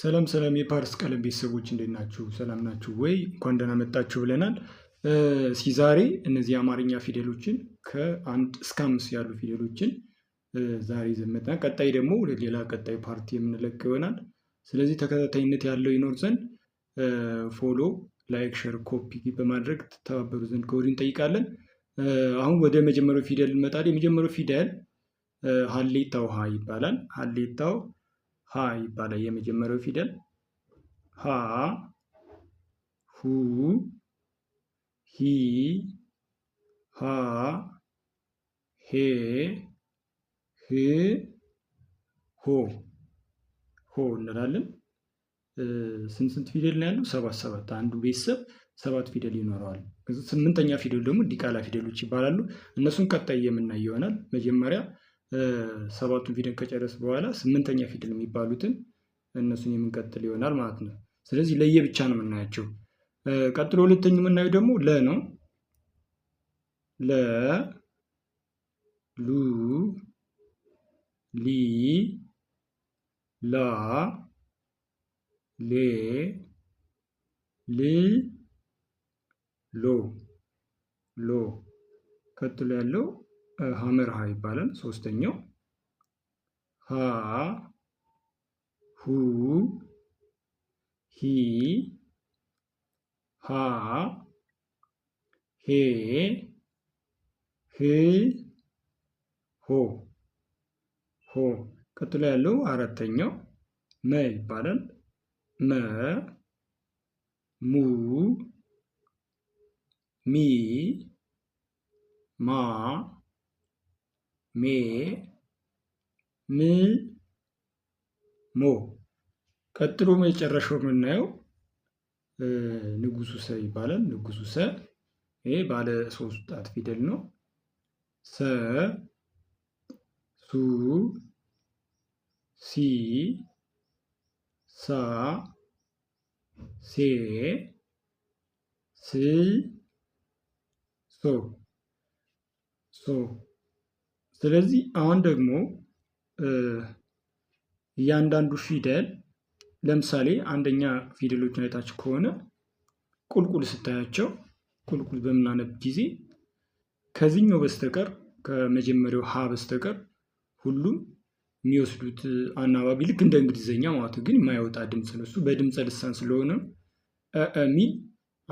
ሰላም ሰላም የፓርስ ቀለም ቤተሰቦች እንዴት ናችሁ? ሰላም ናችሁ ወይ? እንኳን ደህና መጣችሁ ብለናል። እስኪ ዛሬ እነዚህ የአማርኛ ፊደሎችን ከአንድ እስከ አምስት ያሉ ፊደሎችን ዛሬ ዘመጠና ቀጣይ ደግሞ ሌላ ቀጣይ ፓርቲ የምንለቅ ይሆናል። ስለዚህ ተከታታይነት ያለው ይኖር ዘንድ ፎሎ፣ ላይክ፣ ሸር፣ ኮፒ በማድረግ ተባበሩ ዘንድ ከወዲሁ እንጠይቃለን። አሁን ወደ መጀመሪያው ፊደል እንመጣለን። የመጀመሪያው ፊደል ሀሌታው ሀ ይባላል። ሀሌታው ሀ ይባላል። የመጀመሪያው ፊደል ሀ ሁ ሂ ሃ ሄ ህ ሆ ሆ እንላለን። ስንት ስንት ፊደል ነው ያለው? ሰባት ሰባት። አንዱ ቤተሰብ ሰባት ፊደል ይኖረዋል። ስምንተኛ ፊደል ደግሞ ዲቃላ ፊደሎች ይባላሉ። እነሱን ቀጣይ የምናይ ይሆናል። መጀመሪያ ሰባቱን ፊደል ከጨረስ በኋላ ስምንተኛ ፊደል የሚባሉትን እነሱን የምንቀጥል ይሆናል ማለት ነው። ስለዚህ ለየ ብቻ ነው የምናያቸው። ቀጥሎ ሁለተኛው የምናየው ደግሞ ለ ነው። ለ ሉ ሊ ላ ሌ ል ሎ ሎ ቀጥሎ ያለው ሀመር ይባላል። ሶስተኛው ሀ ሁ ሂ ሃ ሄ ህ ሆ ሆ። ቀጥሎ ያለው አራተኛው መ ይባላል። መ ሙ ሚ ማ ሜ ም ሞ ቀጥሎ መጨረሻው የምናየው ንጉሱ ሰ ይባላል። ንጉሱ ሰ ይሄ ባለ ሶስት ጣት ፊደል ነው። ሰ ሱ ሲ ሳ ሴ ስ ሶ ሶ ስለዚህ አሁን ደግሞ እያንዳንዱ ፊደል ለምሳሌ አንደኛ ፊደሎች አይታችሁ ከሆነ ቁልቁል ስታያቸው ቁልቁል በምናነብ ጊዜ ከዚህኛው በስተቀር ከመጀመሪያው ሀ በስተቀር ሁሉም የሚወስዱት አናባቢ ልክ እንደ እንግሊዝኛ ማለት ግን የማይወጣ ድምፅ ነው። እሱ በድምፀ ልሳን ስለሆነ ሚል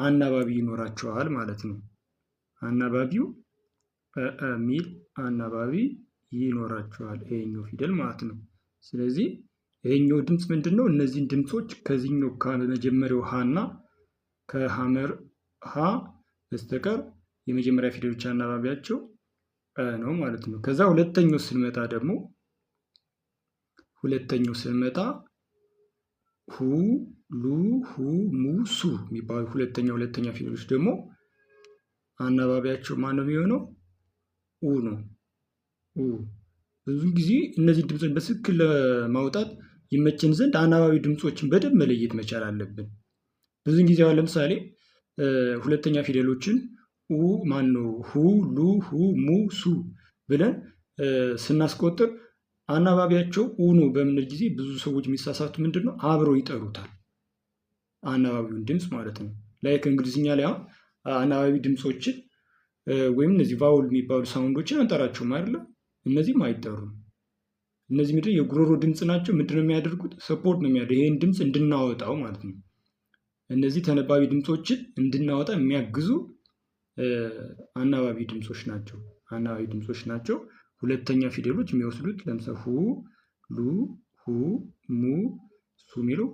አናባቢ ይኖራቸዋል ማለት ነው። አናባቢው የሚል አናባቢ ይኖራቸዋል። ይሄኛው ፊደል ማለት ነው። ስለዚህ ይሄኛው ድምፅ ምንድን ነው? እነዚህን ድምፆች ከዚህኛው ከመጀመሪያው ሀ እና ከሀመር ሀ በስተቀር የመጀመሪያ ፊደሎች አናባቢያቸው ነው ማለት ነው። ከዛ ሁለተኛው ስንመጣ ደግሞ ሁለተኛው ስንመጣ ሁ ሉ ሁ ሙ ሱ የሚባሉ ሁለተኛ ሁለተኛ ፊደሎች ደግሞ አናባቢያቸው ማን ነው የሚሆነው? ኡ ነው ብዙ ጊዜ እነዚህ ድምፆች በትክክል ለማውጣት ይመችን ዘንድ አናባቢ ድምፆችን በደንብ መለየት መቻል አለብን። ብዙ ጊዜ አሁን ለምሳሌ ሁለተኛ ፊደሎችን ኡ ማን ሁ ሉ ሁ ሙ ሱ ብለን ስናስቆጥር አናባቢያቸው ኡ ነው በምንል ጊዜ ብዙ ሰዎች የሚሳሳቱ ምንድን ነው አብረው ይጠሩታል አናባቢውን ድምፅ ማለት ነው። ላይክ እንግሊዝኛ ላይ አሁን አናባቢ ድምፆችን ወይም እነዚህ ቫውል የሚባሉ ሳውንዶችን አንጠራቸውም አይደለ? እነዚህም አይጠሩም። እነዚህ ምድ የጉሮሮ ድምፅ ናቸው። ምንድን ነው የሚያደርጉት? ሰፖርት ነው የሚያደርጉት፣ ይህን ድምፅ እንድናወጣው ማለት ነው። እነዚህ ተነባቢ ድምፆችን እንድናወጣ የሚያግዙ አናባቢ ድምፆች ናቸው። አናባቢ ድምፆች ናቸው። ሁለተኛ ፊደሎች የሚወስዱት ለምሳ ሁ፣ ሉ፣ ሁ፣ ሙ፣ ሱ የሚለው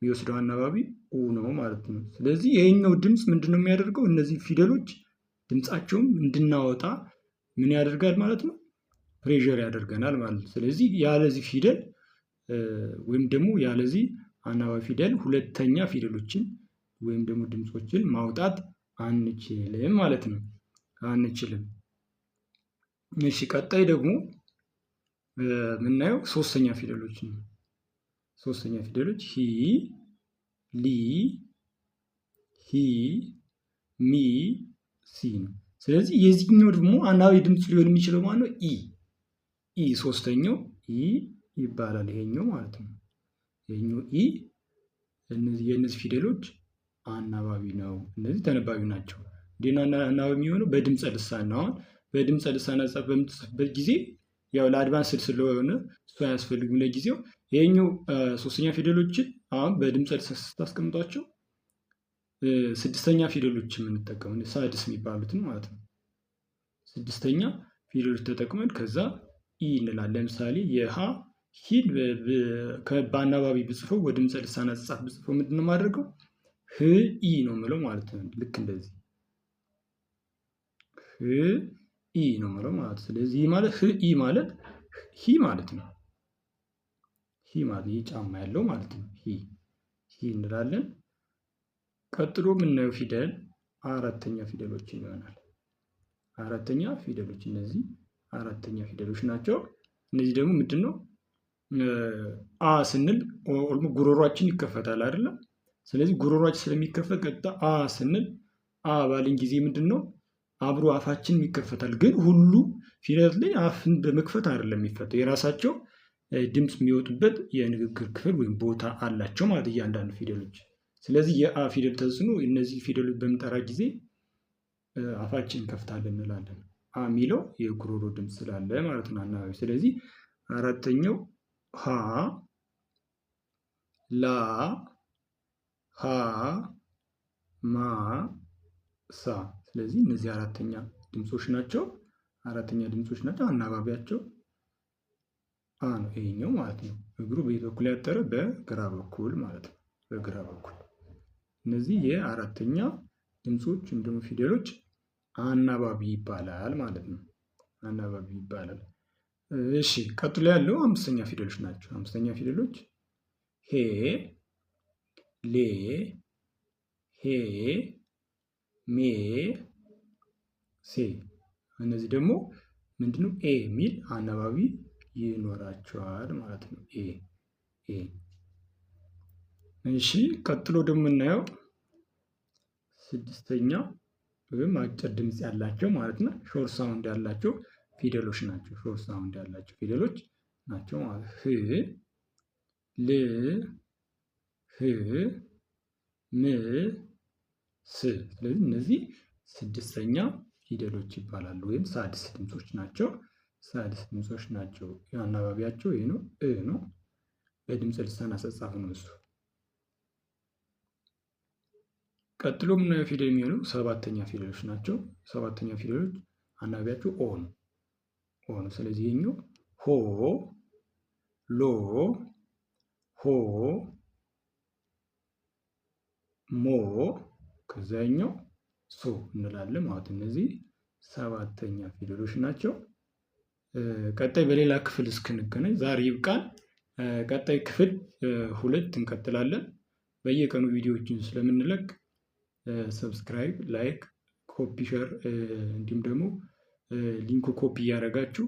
የሚወስደው አናባቢ ኡ ነው ማለት ነው። ስለዚህ ይህኛው ድምፅ ምንድን ነው የሚያደርገው እነዚህ ፊደሎች ድምፃቸውም እንድናወጣ ምን ያደርጋል ማለት ነው ፕሬዠር ያደርገናል ማለት ነው። ስለዚህ ያለዚህ ፊደል ወይም ደግሞ ያለዚህ አናባቢ ፊደል ሁለተኛ ፊደሎችን ወይም ደግሞ ድምፆችን ማውጣት አንችልም ማለት ነው። አንችልም። እሺ ቀጣይ ደግሞ የምናየው ሶስተኛ ፊደሎች ነው። ሶስተኛ ፊደሎች ሂ፣ ሊ፣ ሂ፣ ሚ ሲ ነው። ስለዚህ የዚህኛው ደግሞ አናባቢ ድምፅ ሊሆን የሚችለው ማለት ነው ኢ ኢ ሶስተኛው ኢ ይባላል። ይሄኛው ማለት ነው ይሄኛው ኢ የእነዚህ ፊደሎች አናባቢ ነው። እነዚህ ተነባቢ ናቸው። እንዴና አናባቢ የሚሆነው በድምፀ ልሳን ነው። አሁን በድምፀ ልሳን ጻፍ በምትጽፍበት ጊዜ ያው ለአድቫንስ ስል ስለሆነ እሱ አያስፈልግም ለጊዜው። ይሄኛው ሶስተኛ ፊደሎችን አሁን በድምፀ ልሳን ስታስቀምጧቸው ስድስተኛ ፊደሎች የምንጠቀመው ሳድስ የሚባሉትን ማለት ነው። ስድስተኛ ፊደሎች ተጠቅመን ከዛ ኢ እንላለን። ለምሳሌ የሀ ሂድ በአናባቢ ብጽፈው ወደ ድምፀ ልሳን አጻጻፍ ብጽፈው ምንድን ነው የማደርገው? ህ ኢ ነው ምለው ማለት ነው። ልክ እንደዚህ ህ ኢ ነው ምለው ማለት ስለዚህ ማለት ህ ኢ ማለት ሂ ማለት ነው። ሂ ማለት ይህ ጫማ ያለው ማለት ነው። ሂ ሂ እንላለን። ቀጥሎ የምናየው ፊደል አራተኛ ፊደሎችን ይሆናል። አራተኛ ፊደሎች እነዚህ አራተኛ ፊደሎች ናቸው። እነዚህ ደግሞ ምንድን ነው? አ ስንል ኦልሞ ጉሮሯችን ይከፈታል አይደለም? ስለዚህ ጉሮሯችን ስለሚከፈት ቀጥታ አ ስንል አ ባልን ጊዜ ምንድን ነው አብሮ አፋችን ይከፈታል። ግን ሁሉ ፊደል ላይ አፍን በመክፈት አይደለም የሚፈተው የራሳቸው ድምፅ የሚወጡበት የንግግር ክፍል ወይም ቦታ አላቸው ማለት እያንዳንዱ ፊደሎች ስለዚህ የአ ፊደል ተጽዕኖ እነዚህ ፊደሎች በምንጠራ ጊዜ አፋችን ከፍታለን እንላለን። አ የሚለው የጉሮሮ ድምፅ ስላለ ማለት ነው አናባቢ። ስለዚህ አራተኛው ሀ ላ ሀ ማ ሳ። ስለዚህ እነዚህ አራተኛ ድምፆች ናቸው። አራተኛ ድምፆች ናቸው። አናባቢያቸው አ ነው ይሄኛው ማለት ነው። እግሩ በየት በኩል ያጠረ? በግራ በኩል ማለት ነው። በግራ በኩል እነዚህ የአራተኛ ድምፆች ወይም ደግሞ ፊደሎች አናባቢ ይባላል ማለት ነው። አናባቢ ይባላል። እሺ ቀጥሎ ያለው አምስተኛ ፊደሎች ናቸው። አምስተኛ ፊደሎች ሄ፣ ሌ፣ ሄ፣ ሜ፣ ሴ። እነዚህ ደግሞ ምንድነው ኤ የሚል አናባቢ ይኖራቸዋል ማለት ነው። ኤ ኤ እሺ ቀጥሎ ደግሞ የምናየው ስድስተኛ ወይም አጭር ድምፅ ያላቸው ማለት ነው ሾርት ሳውንድ ያላቸው ፊደሎች ናቸው። ሾርት ሳውንድ ያላቸው ፊደሎች ናቸው ማለት ህ ል ህ ም ስ። ስለዚህ እነዚህ ስድስተኛ ፊደሎች ይባላሉ ወይም ሳድስ ድምፆች ናቸው። ሳድስ ድምፆች ናቸው። አናባቢያቸው ይህ ነው እ ነው። በድምፅ ልሳን አሰጻፍ ነው እሱ። ቀጥሎ ምናየው ፊደል የሚሆኑ ሰባተኛ ፊደሎች ናቸው። ሰባተኛ ፊደሎች አናባቢያቸው ኦ ነው ኦ ነው። ስለዚህ የኛው ሆ ሎ ሆ ሞ ከዛኛው ሶ እንላለን ማለት እነዚህ ሰባተኛ ፊደሎች ናቸው። ቀጣይ በሌላ ክፍል እስክንገናኝ ዛሬ ይብቃል። ቀጣይ ክፍል ሁለት እንቀጥላለን። በየቀኑ ቪዲዮዎችን ስለምንለቅ ሰብስክራይብ፣ ላይክ፣ ኮፒ፣ ሸር እንዲሁም ደግሞ ሊንኩ ኮፒ እያደረጋችሁ